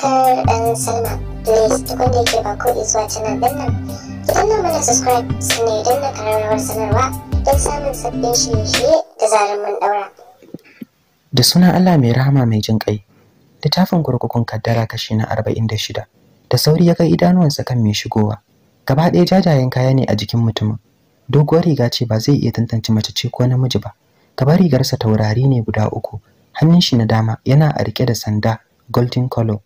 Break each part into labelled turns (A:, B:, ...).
A: subscribe and sign up. Please da yake ba ko subscribe sanarwa don samun sabbin da sunan Allah mai rahama mai jin kai, littafin kurkukun kaddara kashi na arba'in da shida. da sauri ya kai idanuwansa kan mai shigowa. Gaba ɗaya jajayen kaya ne a jikin mutumin. Doguwar riga ce ba zai iya tantance mace ce ko namiji ba. Gaba rigarsa taurari ne guda uku. Hannun shi na dama yana a riƙe da sanda golden color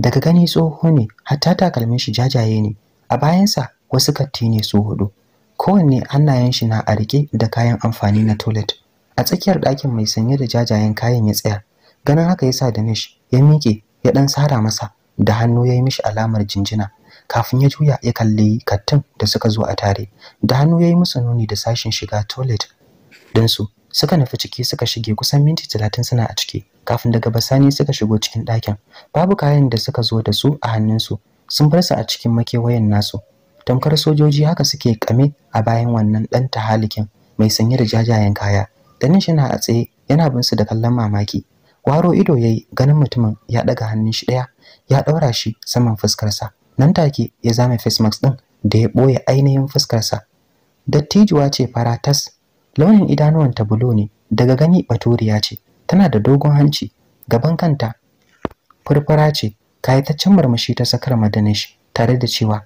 A: daga gani tsoho ne hatta takalmin shi jajaye ne a bayansa wasu katti ne su hudu kowanne hannayen shi na a rike da kayan amfani na toilet a tsakiyar ɗakin mai sanye da jajayen kayan ya tsaya ganin haka yasa Danish ya miƙe ya ɗan sara masa da hannu ya yi mishi alamar jinjina kafin ya juya ya kalli kattin da suka zo a tare da hannu ya yi musu nuni da sashen shiga toilet don su suka nufi ciki suka shige kusan minti talatin suna a ciki kafin daga basani suka shigo cikin ɗakin babu kayan da suka zo da su a hannunsu sun bar su a cikin makewayen nasu tamkar sojoji haka suke kame a bayan wannan ɗan tahalikin mai sanye da jajayen kaya danin shi na a tsaye yana bin su da kallon mamaki waro ido yayi ganin mutumin ya ɗaga hannun shi ɗaya ya ɗaura shi saman fuskarsa nan take ya zame face mask ɗin da ya ɓoye ainihin fuskarsa dattijuwa ce faratas. launin idanuwanta bulo ne daga gani baturiya ce tana da dogon hanci gaban kanta furfura ce kayataccen marmashi ta sakar madanish tare da cewa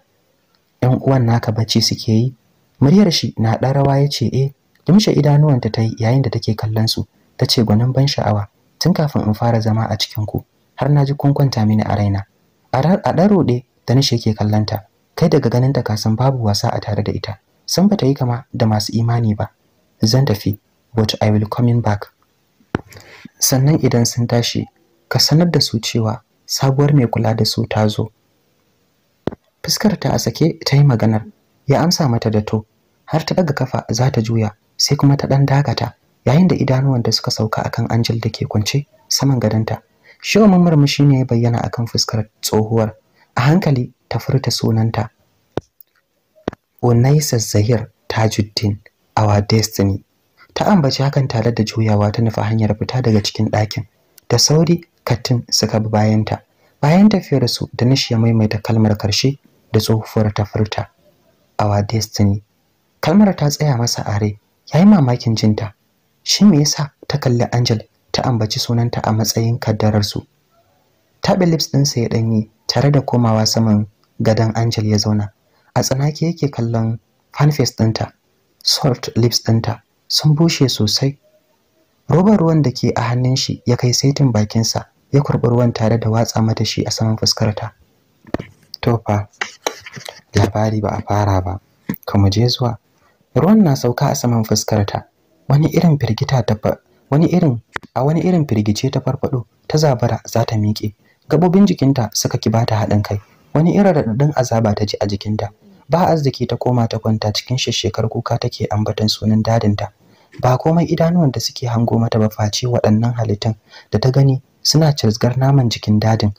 A: ‘yan uwan naka bacci suke yi muryar shi na ɗan rawa ya ce eh dumshe idanuwanta ta yi yayin da take kallon su ta ce gwanin ban sha'awa tun kafin in fara zama a cikin ku har na ji kun kwanta mini a raina a ɗan ruɗe danish yake kallonta kai daga ganin ta kasan babu wasa a tare da ita san bata yi kama da masu imani ba zan tafi but I will coming back sannan idan sun tashi ka sanar da su cewa sabuwar mai kula da su ta zo fuskar ta a sake ta yi maganar ya amsa mata da to har ta daga kafa za ta juya sai kuma ta dan dakata yayin da idanuwan da suka sauka akan Angel da ke kwance saman gadonta Shomin murmushi ne ya bayyana akan fuskar tsohuwar a hankali ta furta sunanta Unaisa Zahir Tajuddin our destiny ta ambaci hakan tare da juyawa ta nufi hanyar fita daga cikin ɗakin da sauri katin suka bi bayanta bayan tafiyar su da nishi ya maimaita kalmar karshe da tsohuwar ta furta our destiny kalmar ta tsaya masa Are ya yi mamakin jinta shi me yasa ta kalli angel ta ambaci sunanta a matsayin kaddararsu? su taɓe lips ɗinsa ya ɗanyi tare da komawa saman gadon angel ya zauna a tsanake yake kallon fanface ɗinta salt lips ɗinta sun bushe sosai robar ruwan da ke a hannun shi ya kai saitin bakinsa ya kurɓi ruwan tare da watsa mata shi a saman fuskarta tofa labari ba a fara ba kuma je zuwa ruwan na sauka a saman fuskarta wani irin firgita ta wani irin a wani irin firgice ta farfado ta zabara za ta miƙe gabobin jikinta suka kibata haɗin kai wani irin raɗaɗin azaba ta ji a jikinta ba arziki ta koma ta kwanta cikin shekar kuka take ambaton sunan dadinta ba komai idanuwan da suke hango mata ba face waɗannan halittun da ta gani suna cizgar naman jikin dadin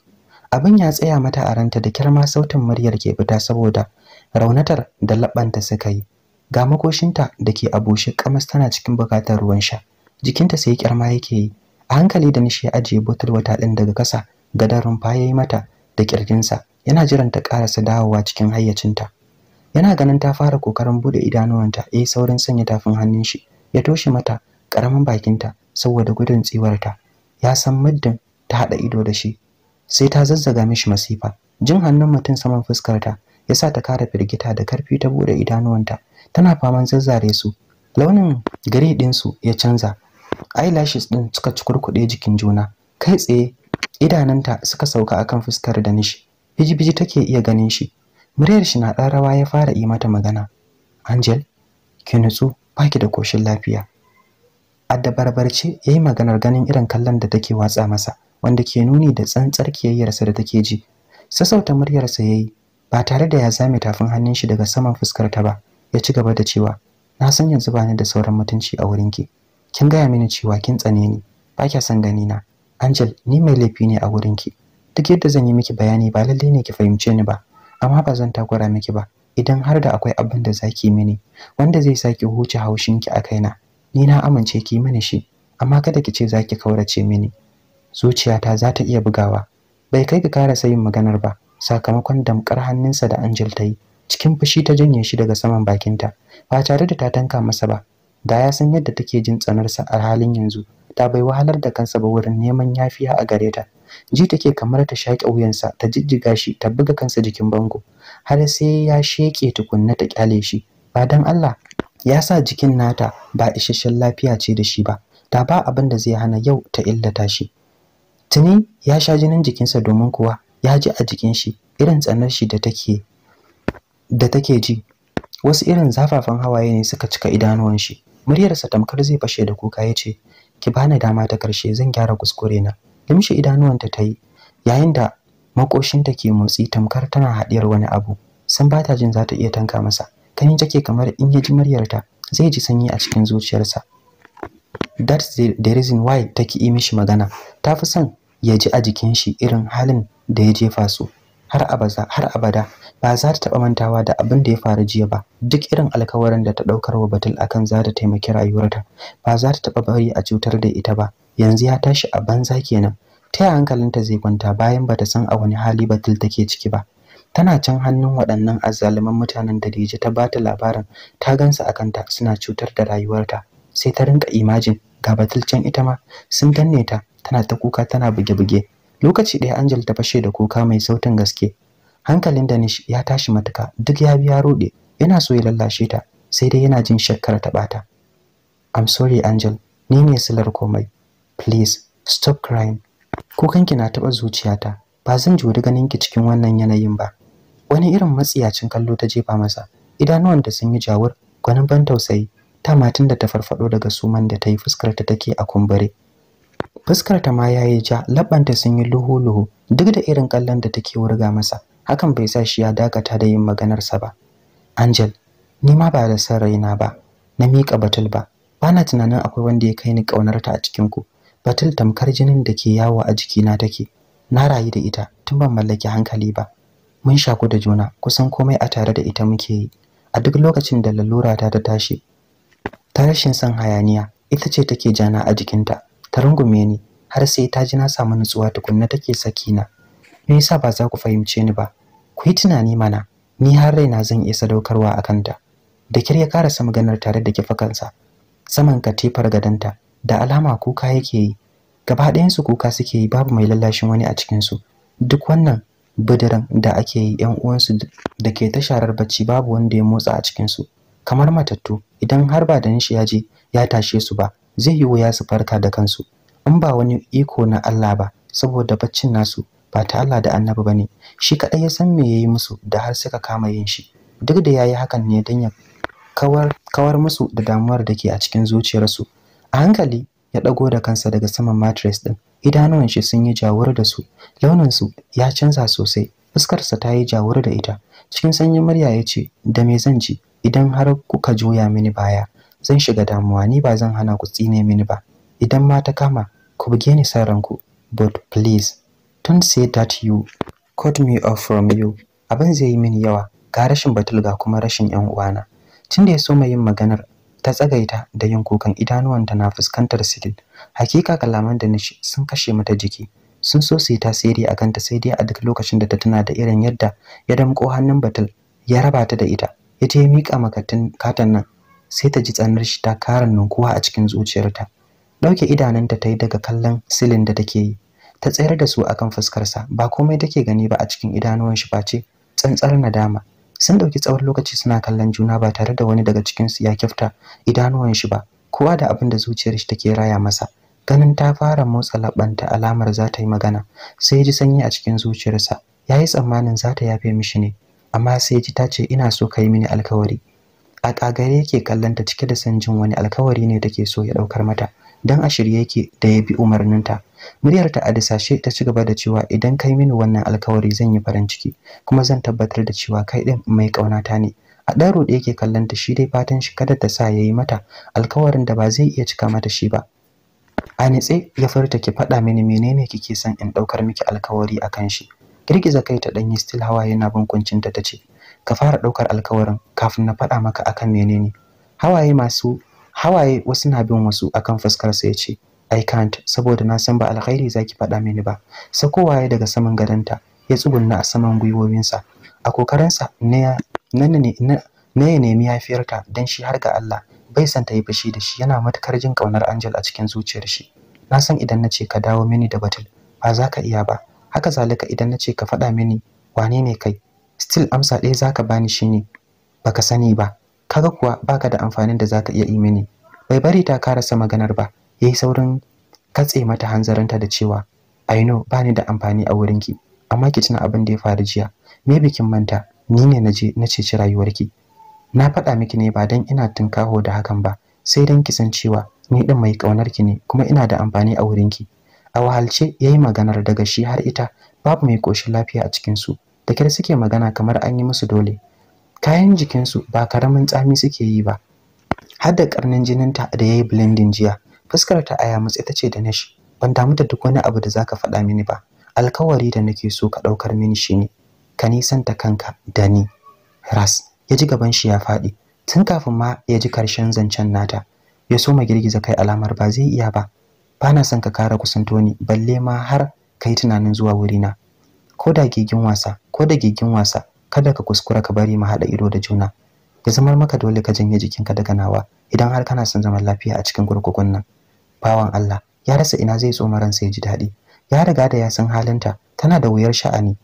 A: abin ya tsaya mata a ranta da kyar sautin muryar ke fita saboda raunatar da labanta suka yi ga makoshinta da ke a bushe kamas tana cikin bukatar ruwan sha jikinta sai kyarma yake yi a hankali da nishi ya ajiye botul wata ɗin daga kasa gadarin rumfa ya mata da kirjinsa yana jiran ta karasa dawowa cikin hayyacinta yana ganin ta fara kokarin bude idanuwanta eh saurin sanya tafin hannun shi ya toshe mata karamin bakinta saboda gudun tsiwarta ya san muddin ta hada ido da shi sai ta zazzaga mishi masifa jin hannun mutum saman fuskarta sa ta kara firgita da karfi ta bude idanuwanta tana faman zazzare su launin gari din su ya canza eyelashes din suka cukurkude jikin juna kai tsaye idananta suka sauka akan fuskar da nishi biji-biji take iya ganin shi muryar shi na ɗan rawa ya fara yi mata magana angel ki nutsu baki da koshin lafiya addabarbarce ya yi maganar ganin irin kallon da take watsa masa wanda ke nuni da tsantsar kiyayyarsa da take ji sassauta muryarsa ya yi ba tare da ya zame tafin hannun shi daga saman fuskarta ba ya ci gaba da cewa na san yanzu bani da sauran mutunci a wurin ki. kin gaya mini cewa kin tsane ni ba kya son gani na angel ni mai laifi ne a wurin ki. duk yadda zan yi miki bayani ba lallai ne ki fahimce ni ba amma ba zan takura miki ba idan har da akwai abin da zaki mini wanda zai saki huce haushin ki a kaina ni na amince ki mini shi amma kada ki ce zaki kaurace mini zuciyata za ta iya bugawa bai kai ka kara yin maganar ba sakamakon damkar hannunsa da Angel ta yi cikin fushi ta janye shi daga saman bakinta ba tare da ta tanka masa ba da ya san yadda take jin tsanarsa a halin yanzu ta bai wahalar da kansa ba wurin neman yafiya a gare ta ji take kamar ta shaƙe wuyansa ta jijjiga shi ta buga kansa jikin bango har sai ya sheke tukunna ta kyale shi ba dan Allah ya sa jikin nata ba isasshen lafiya ce da shi ba ta ba abin da zai hana yau ta illata shi tuni ya sha jinin jikinsa domin kuwa ya ji a jikin shi irin tsanar shi da take da take ji wasu irin zafafan hawaye ne suka cika idanuwan shi muryarsa tamkar zai fashe da kuka ya ce ki bani dama ta karshe zan gyara kuskure na limshe idanuwanta ta yi yayin da makoshinta ke motsi tamkar tana haɗiyar wani abu san ba jin za ta iya tanka masa ganin take kamar in ya ji muryarta zai ji sanyi a cikin zuciyarsa that's the, the reason why take yi mishi magana ta fi son ya ji a jikin shi irin halin da ya jefa su har abada har abada ba za ta taɓa mantawa da abin da ya faru jiya ba duk irin alkawarin da ta ɗaukar wa batul akan za ta taimaki rayuwarta ba za ta taɓa bari a cutar da ita ba yanzu ya tashi a banza kenan ta ya hankalinta zai kwanta bayan ba ta san a wani hali batul take ciki ba tana can hannun waɗannan azzaluman mutanen da ta bata labarin ta gansu a kanta suna cutar da rayuwarta sai ta rinka imajin ga batul can ita ma sun danne ta tana ta kuka tana buge-buge lokaci ɗaya Angel ta fashe da kuka mai sautin gaske hankalin Danish ya tashi matuka duk ya biya rude, yana so ya lallashe ta sai dai yana jin shakkar ta bata I'm sorry Angel ni ne silar komai please stop crying kukanki na taɓa zuciyata ba zan ji wani ganin ki cikin wannan yanayin ba wani irin matsiyacin kallo ta jefa masa idanuwan da sun yi jawur gwanin ban tausayi ta matin da ta farfado daga suman da ta yi fuskar ta take a kumbure fuskar ta ma yayi ja labanta sun yi luhu-luhu duk da irin kallon da take wurga masa hakan bai sa shi ya dakata da yin maganar sa ba angel ni ma ba da san raina ba na miƙa batul ba bana tunanin akwai wanda ya kai ni ƙaunarta a cikin ku Batun tamkar jinin da ke yawo a jikina take. Na rayu da ita tun ban mallaki hankali ba. Mun shaku da juna kusan komai a tare da ita muke yi. A duk lokacin da lalura ta ta tashi, ta rashin son hayaniya ita ce take jana a jikinta. Ta rungume ni har sai ta ji na samu nutsuwa tukunna take sakina. Me yasa ba za ku fahimce ni ba? Ku yi tunani mana, ni har raina zan iya sadaukarwa a kanta. Da kirya ya karasa maganar tare da kifakansa, saman katifar gadanta da alama kuka yake yi gaba ɗayansu kuka suke yi babu mai lallashin wani a cikinsu duk wannan bidiran da ake yi yan uwansu da ke ta sharar bacci babu wanda ya motsa a cikinsu kamar matattu idan har ba da nishi ya je ya tashe su ba zai yi wuya su farka da kansu in ba wani iko na Allah ba saboda baccin nasu ba ta Allah da annabi ba ne shi kaɗai ya san me ya yi musu da har suka kama yin shi duk da ya yi hakan ne don ya kawar musu da damuwar da ke a cikin zuciyarsu a hankali ya ɗago da kansa daga saman mattress ɗin idanuwan shi sun yi jawur da su launin su ya canza sosai fuskarsa ta yi jawur da ita cikin sanyin murya ya ce da me zan ci idan har kuka juya mini baya zan shiga damuwa ni ba zan hana ku tsine mini ba idan ma ta kama ku buge ni san ranku but please don't say that you cut me off from you abin zai yi mini yawa ga rashin batul ga kuma rashin yan uwana tunda ya so mai yin maganar ta tsagaita da yin kukan idanuwanta na fuskantar silin. hakika kalaman da nishi sun kashe mata jiki sun so su yi tasiri a kanta sai dai a duk lokacin da ta tuna da irin yadda ya damƙo hannun batul ya raba ta da ita ya yi miƙa makatin katan nan sai ta ji tsanar shi ta karan nunkuwa a cikin zuciyarta ɗauke idanunta ta yi daga kallon silin da take yi ta tsayar da su akan fuskarsa ba komai take gani ba a cikin idanuwan shi face tsantsar nadama sun dauki tsawon lokaci suna kallon juna ba tare da wani daga cikin su ya kyafta idanuwan shi ba kowa da abin da zuciyar shi take raya masa ganin ta fara motsa labanta alamar za ta yi magana sai ji sanyi a cikin zuciyarsa ya yi tsammanin za ta yafe mishi ne amma sai ji ta ce ina so ka yi mini alkawari a kagare yake kallon ta cike da son jin wani alkawari ne ke so ya ɗaukar mata dan a shirye yake da ya bi umarninta muryar ta a disashe ta ci gaba da cewa idan kai mini wannan alkawari zan yi farin ciki kuma zan tabbatar da cewa kai din mai kaunata ne a ɗan rode yake kallon ta shi dai fatan shi kada ta sa ya yi mata alkawarin da ba zai iya cika mata shi ba a nitse ya furta ki faɗa mini menene kike son in ɗaukar miki alkawari akan shi girgiza kai ta ɗanyi still hawa yana bin ta ta ce ka fara ɗaukar alkawarin kafin na faɗa maka akan menene hawaye masu hawaye wasu na bin wasu akan fuskarsa ya ce I can't saboda na san ba alkhairi zaki faɗa mini ba. Sakowa ya daga saman gadonta ya tsugunna a saman sa A kokarinsa na ya nemi yafiyarta dan shi har ga Allah bai san ta yi fushi da shi yana matukar jin kaunar Angel a cikin zuciyar shi. Na san idan nace ka dawo mini da batul ba za ka iya ba. Haka zalika idan nace ka faɗa mini wane ne kai. Still amsa ɗaya zaka bani shi ne baka sani ba. kaga kuwa baka da amfanin da zaka iya yi mini bai bari ta karasa maganar ba yayi saurin katse mata hanzarinta da cewa i know bani da amfani a wurin ki. amma ki tuna abin da ya faru jiya me bikin manta ni ne naje na ceci rayuwarki na faɗa miki ne ba dan ina tunkaho da hakan ba sai dan ki san cewa ni din mai kaunar ne kuma ina da amfani a wurin ki. a wahalce yayi maganar daga shi har ita babu mai koshin lafiya a cikin su da kyar suke magana kamar an yi musu dole kayan jikinsu ba karamin tsami suke yi ba har da karnin jininta da ya yi blending jiya fuskar ta aya mutsi ta ce da nashi ban damu da duk wani abu da zaka faɗa mini ba alkawari da nake so ka ɗaukar mini shine ka nisan ta kanka da ni ras ya ji gaban shi ya faɗi tun kafin ma ya ji karshen zancen nata ya so ma girgiza kai alamar ba zai iya ba Bana son ka kara kusanto ni balle ma har kai tunanin zuwa wurina ko da gigin wasa ko da gigin wasa kada ka kuskura ka bari mu haɗa ido da juna ya zamar maka dole ka janye jikinka daga nawa idan har kana son zaman lafiya a cikin kurkukun nan bawan Allah ya rasa ina zai tsoma ransa ya ji daɗi ya riga da ya san halinta tana da wuyar sha'ani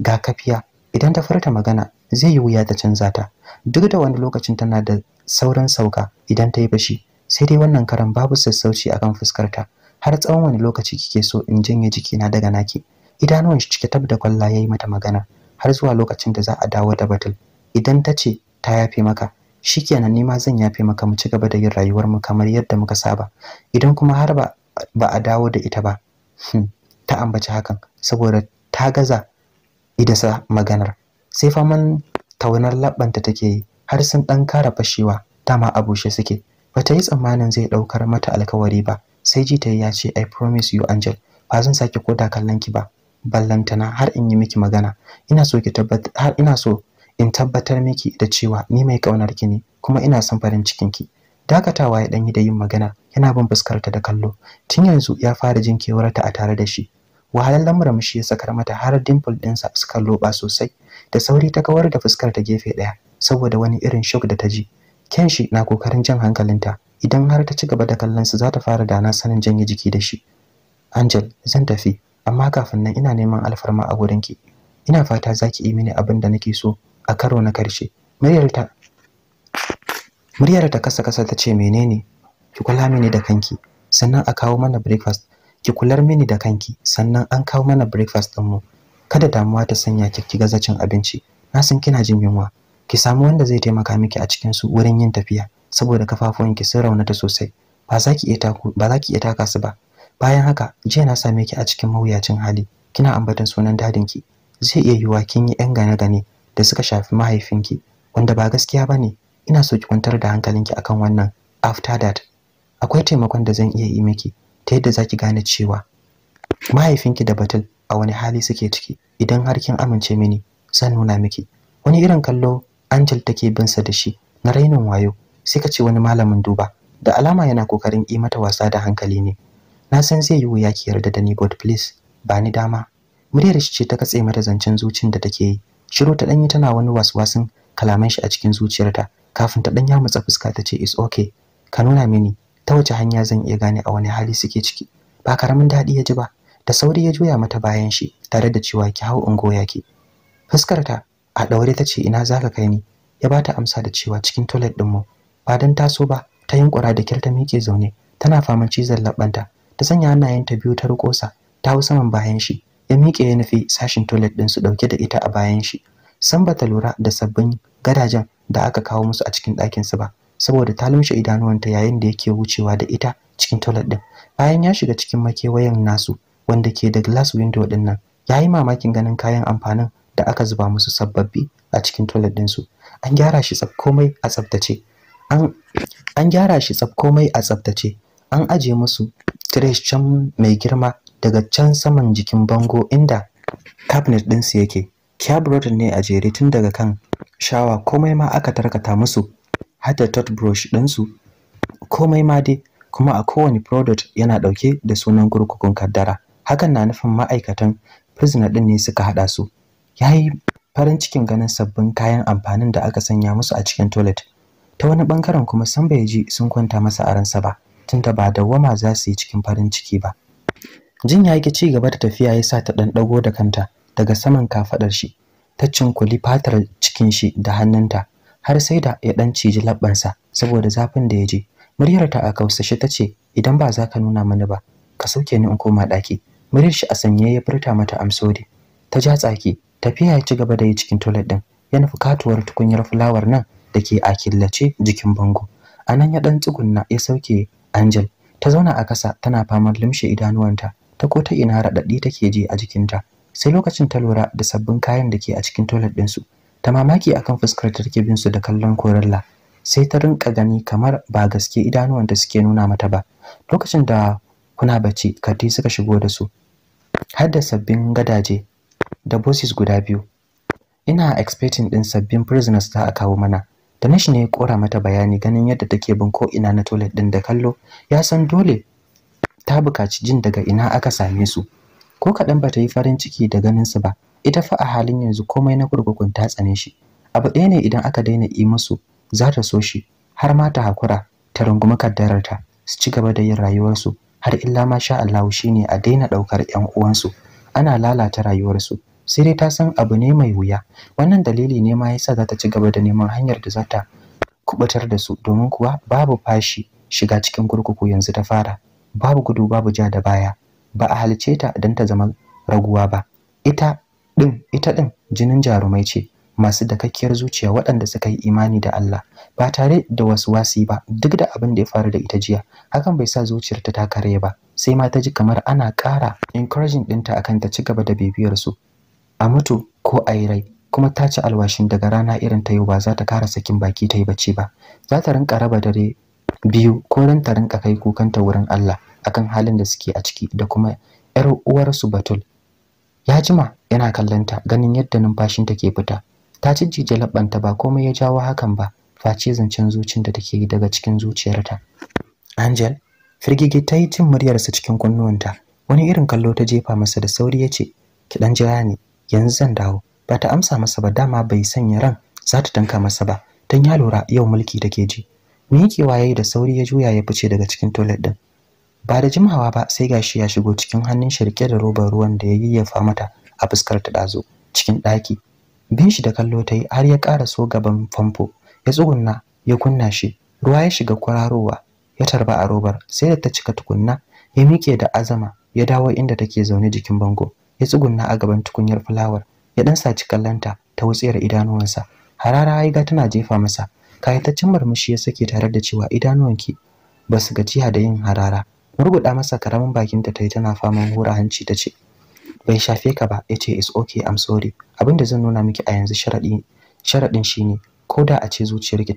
A: ga kafiya idan ta furta magana zai yi wuya ta canza ta duk da wani lokacin tana da sauran sauka idan ta yi bashi sai dai wannan karan babu sassauci akan fuskarta har tsawon wani lokaci kike so in janye jikina daga naki idanuwan shi cike tab da kwalla yayi mata magana har zuwa lokacin da za a dawo da batul idan ta ce ta yafe maka shikenan ni ma zan yafe maka mu ci gaba da yin rayuwar mu kamar yadda muka saba idan kuma har ba ba a dawo da ita ba hmm, ta ambaci hakan saboda ta gaza idasa maganar sai faman taunar labbanta take yi har sun dan kara fashewa dama a bushe suke bata yi tsammanin zai daukar mata alkawari ba sai ji ta ya ce i promise you angel ba zan sake koda kallon ki ba ballantana har in yi miki magana ina so ki tabbata har ina so in tabbatar miki da cewa ni mai kaunar ki ne kuma ina son farin cikin ki dakatawa ya danyi da yin magana yana bin fuskarta da kallo tun yanzu ya fara jin kewarta a tare da shi Wahalar lamura mushi ya sakar mata har dimple ɗinsa suka loba sosai da sauri ta kawar da fuskar ta gefe ɗaya saboda wani irin shock da ta ji kenshi na kokarin jan hankalinta idan har ta ci gaba da kallon su za ta fara dana sanin janye jiki da shi angel zan tafi amma kafin nan ina neman alfarma a ki. ina fata za ki yi mini abin da nake so a karo na karshe muryarta ta kasa kasa ta ce menene ki kula mini da kanki sannan a kawo mana breakfast ki kular mini da kanki sannan an kawo mana breakfast din mu kada damuwa ta sanya ki ki gaza cin abinci na san kina jin yunwa ki samu wanda zai taimaka miki a cikin su wurin yin tafiya saboda kafafuwanki sun raunata sosai ba za ki iya taka su ba bayan haka jiya na same ki a cikin mawuyacin hali kina ambaton sunan dadin ki? zai iya yiwuwa kin yi yan gane gane da suka shafi mahaifinki wanda ba gaskiya ba ne? ina so ki kwantar da hankalinki akan wannan after that akwai taimakon da zan iya yi miki ta yadda zaki gane cewa mahaifinki da batul a wani hali suke ciki idan har kin amince mini zan nuna miki wani irin kallo Angel take bin sa da shi na rainin wayo sai ka ce wani malamin duba da alama yana kokarin yi mata wasa da hankali ne na san zai yi wuya ki yarda da ni god please ba ni dama muryar shi ce ta katse mata zancen zucin da take yi shiru ta danyi tana wani waswasin kalaman shi a cikin zuciyarta kafin ta danya ya mutsa fuska ta ce is okay ka nuna mini ta wace hanya zan iya gane a wani hali suke ciki ba karamin daɗi ya ji ba da sauri ya juya mata bayan shi tare da cewa ki hau goya ki fuskarta a daure ta ce ina zaka kai ni ya ba ta amsa da cewa cikin toilet din mu ba dan taso ba ta yunkura da kirta miƙe zaune tana faman cizon labanta ta sanya ta biyu ta rukosa ta hau saman bayan shi ya miƙe ya nufi sashin toilet ɗin su ɗauke da ita a bayan shi san bata lura da sabbin gadajen da aka kawo musu a cikin ɗakin su ba saboda ta lumshe idanuwanta yayin da yake wucewa da ita cikin toilet ɗin bayan ya shiga cikin makewayen nasu wanda ke da glass window ɗin nan ya yi mamakin ganin kayan amfanin da aka zuba musu sababbi a cikin toilet ɗinsu an gyara shi tsaf komai a tsaftace an gyara shi tsaf komai a tsaftace an aje musu Stresh can mai girma daga can saman jikin bango inda cabinet su yake kyabrod ne a jere tun daga kan shawa komai ma aka tarkata musu har da tot brush ɗinsu komai ma dai kuma a kowane product yana ɗauke da sunan kurkukun kaddara hakan na nufin ma'aikatan prison ɗin ne suka haɗa su yayi farin cikin ganin sabbin kayan amfanin da aka sanya musu a cikin toilet ta wani ɓangaren kuma san bai ji sun kwanta masa a ransa ba tunda ba dawwama za su yi cikin farin ciki ba jin ya ci gaba da tafiya ya sa ta ɗan ɗago da kanta daga saman kafaɗar shi ta cinkuli fatar cikin shi da hannunta har sai da ya ɗan ciji labbansa saboda zafin da ya je muryar ta a kausashe ta ce idan ba za ka nuna mani ba ka sauke ni in koma ɗaki muryar shi a sanye ya furta mata amsodi ta ja tsaki tafiya ya ci gaba da yi cikin tolet ɗin ya nufi katuwar tukunyar fulawar nan da ke a killace jikin bango a nan ya ɗan tsugunna ya sauke Angel ta zauna a kasa tana famar limshe idanuwanta ta ko ta ina raɗaɗi take ji a jikinta sai lokacin ta lura da sabbin kayan da ke a cikin toilet su ta mamaki akan fuskar ta take bin su da kallon korilla sai ta rinka gani kamar ba gaske idanuwanta suke nuna mata ba lokacin da kuna bacci kati suka shigo da su har da sabbin gadaje da bosses guda biyu ina expecting din sabbin prisoners za a kawo mana Danish ne ya kora mata bayani ganin yadda take bin ko ina na toilet din da kallo ya san dole ta buƙaci jin daga ina aka same su ko kaɗan ba ta yi farin ciki da ganin su ba ita fa a halin yanzu komai na kurkukun ta tsane shi abu ɗaya ne idan aka daina yi musu za ta so shi har ma ta hakura ta rungumi kaddararta su ci gaba da yin rayuwarsu har illa ma sha Allah shine a daina ɗaukar 'yan uwansu ana lalata rayuwarsu sai dai ta san abu ne mai wuya wannan dalili ne ma yasa za ta ci gaba da neman hanyar da za ta kubutar da su domin kuwa babu fashi shiga cikin kurkuku yanzu ta fara babu gudu babu ja da baya ba a halice ta don ta zama raguwa ba ita din ita din jinin jarumai ce masu dakakkiyar zuciya waɗanda suka yi imani da Allah ba tare da wasu wasi ba duk da abin da ya faru da ita jiya hakan bai sa zuciyarta ta kare ba sai ma ta ji kamar ana ƙara encouraging ɗinta akan ta ci gaba da bibiyar su a mutu ko a yi rai kuma ta ci alwashin daga rana irin ta yau ba za ta kara sakin baki ta yi bacci ba za ta rinka raba dare biyu ko ran ta rinka kai kukanta wurin Allah akan halin da suke a ciki da kuma yar uwarsu Batul ya jima yana kallanta ganin yadda numfashin ke fita ta cijjije labbanta ba komai ya jawo hakan ba face zancen zucin da take daga cikin zuciyarta Angel firgige ta yi jin muryarsa cikin kunnuwanta wani irin kallo ta jefa masa da sauri ya ce ki dan jira ne yanzu zan dawo ba ta amsa masa ba dama bai sanya ran za ta tanka masa ba dan ya lura yau mulki take ji miƙewa yayi da sauri ya juya ya fice daga cikin toilet din ba da jimawa ba sai gashi ya shigo cikin hannun shi da robar ruwan da ya yayyafa mata a fuskar ta dazo cikin ɗaki bin shi da kallo ta yi har ya ƙara so gaban famfo ya tsugunna ya kunna shi ruwa ya shiga kwararowa ya tarba a robar sai da ta cika tukunna ya miƙe da azama ya dawo inda take zaune jikin bango ya tsugunna a gaban tukunyar fulawar ya dan saci kallanta ta wutsiyar idanuwansa harara ga tana jefa masa kayataccen murmushi ya sake tare da cewa idanuwanki ba su gajiya da yin harara murguda masa karamin bakinta ta yi tana faman hura hanci ta ce bai shafe ka ba ya ce it's okay i'm sorry abinda zan nuna miki a yanzu sharaɗi sharaɗin shine ko da a ce zuciyarki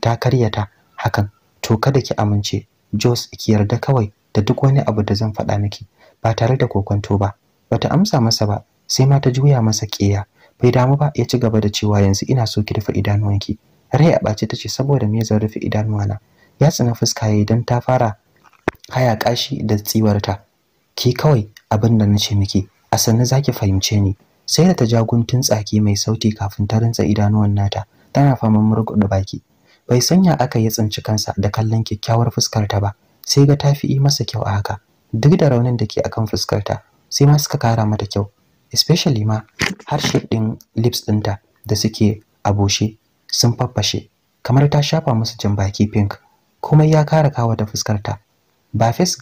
A: ta karyata hakan to kada ki amince jos ki yarda kawai da duk wani abu da zan faɗa miki ba tare da kokonto ba bata amsa masa ba sai ma ta juya masa ƙeya bai damu ba ya ci gaba da cewa yanzu ina so ki rufe idanuwanki rai a ɓace ta ce saboda me zan rufe idanuwana ya tsina fuska yayi dan ta fara haya kashi da tsiwarta ki kawai abin da nace miki a sanne zaki fahimce ni sai da ta ja guntun tsaki mai sauti kafin ta rantsa idanuwan nata tana faman murguɗa baki bai sanya aka ya tsinci kansa da kallon kyakkyawar fuskarta ba sai ga tafi yi masa kyau a haka duk da raunin da ke akan fuskarta sai ma suka kara mata kyau especially ma har shape din lips ɗinta da suke a bushe sun faffashe kamar ta shafa musu jin baki pink komai ya kara kawo ta fuskar ta ba face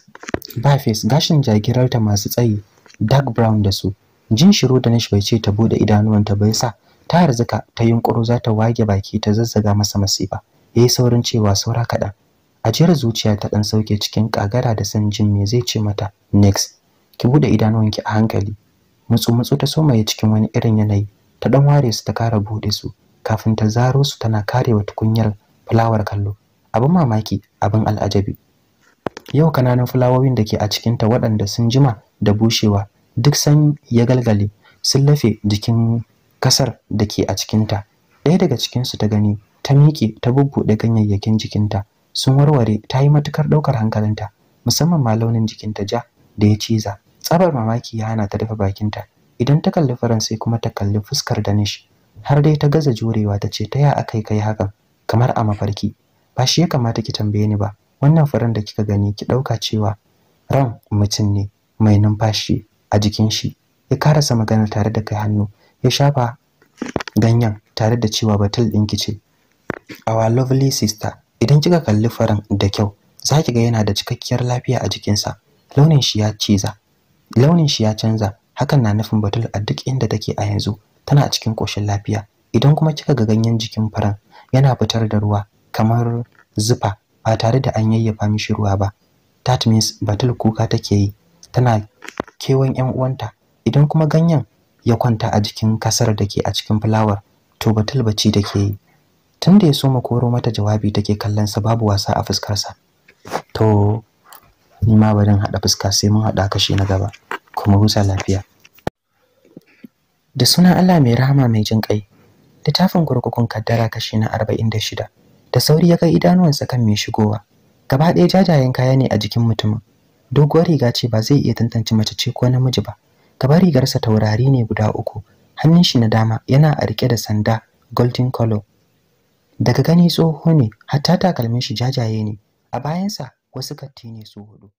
A: ba face gashin jagirarta masu tsayi dark brown da su jin shiro da nashi bai ce ta bude idanuwanta bai sa ta harzuka ta yunkuro za ta wage baki ta zazzaga masa masifa yayi saurin cewa saura kaɗan ajiyar zuciya ta ɗan sauke cikin kagara da san jin me zai ce mata next ki bude idanuwanki a hankali mutsu mutsu ta ya cikin wani irin yanayi ta dan ware su ta kara bude su kafin ta zaro su tana karewa tukunyar fulawar kallo abin mamaki abin al'ajabi yau kananan fulawoyin da ke a cikinta waɗanda sun jima da bushewa duk san ya galgale sun lafe jikin kasar da ke a cikinta ɗaya daga cikin su ta gani ta miƙe ta bubbuɗe ganyayyakin jikinta sun warware ta yi matukar ɗaukar hankalinta musamman ma launin jikinta ja da ya ciza tsabar mamaki ya hana ta rufe bakinta idan ta kalli faran sai kuma ta kalli fuskar danish har dai ta gaza jurewa ta ce ta ya aka yi kai hakan kamar a mafarki ba shi ya kamata ki tambaye ni ba wannan faran da kika gani ki ɗauka cewa ran mutum ne mai numfashi a jikin shi ya karasa magana tare da kai hannu ya shafa ganyen tare da cewa batul ki ce our lovely sister idan kika kalli faran da kyau za ki ga yana da cikakkiyar lafiya a jikinsa launin shi ya ciza launin shi ya canza hakan na nufin batul a duk inda take a yanzu tana cikin koshin lafiya idan kuma kika ga ganyen jikin faran yana fitar da ruwa kamar zufa ba tare da an yayyafa mishi ruwa ba that means batul kuka take yi tana kewan yan uwanta idan kuma ganyen ya kwanta a jikin kasar da ke a cikin fulawar to batul bacci da ke yi tun da ya so koro mata jawabi take kallon sa babu wasa a fuskarsa to ni ma barin haɗa fuska sai mun haɗa kashe na gaba kuma huta lafiya da sunan Allah mai rahama mai jin kai littafin kurkukun kaddara kashi na 46 da sauri ya kai idanuwansa kan mai shigowa gaba ɗaya jajayen kaya ne a jikin mutumin doguwar riga ce ba zai iya tantance mace ce ko namiji ba gaba rigarsa taurari ne guda uku hannun shi na dama yana a riƙe da sanda golden color daga gani tsoho ne hatta takalmin shi jajaye ne a bayansa wasu katti ne su hudu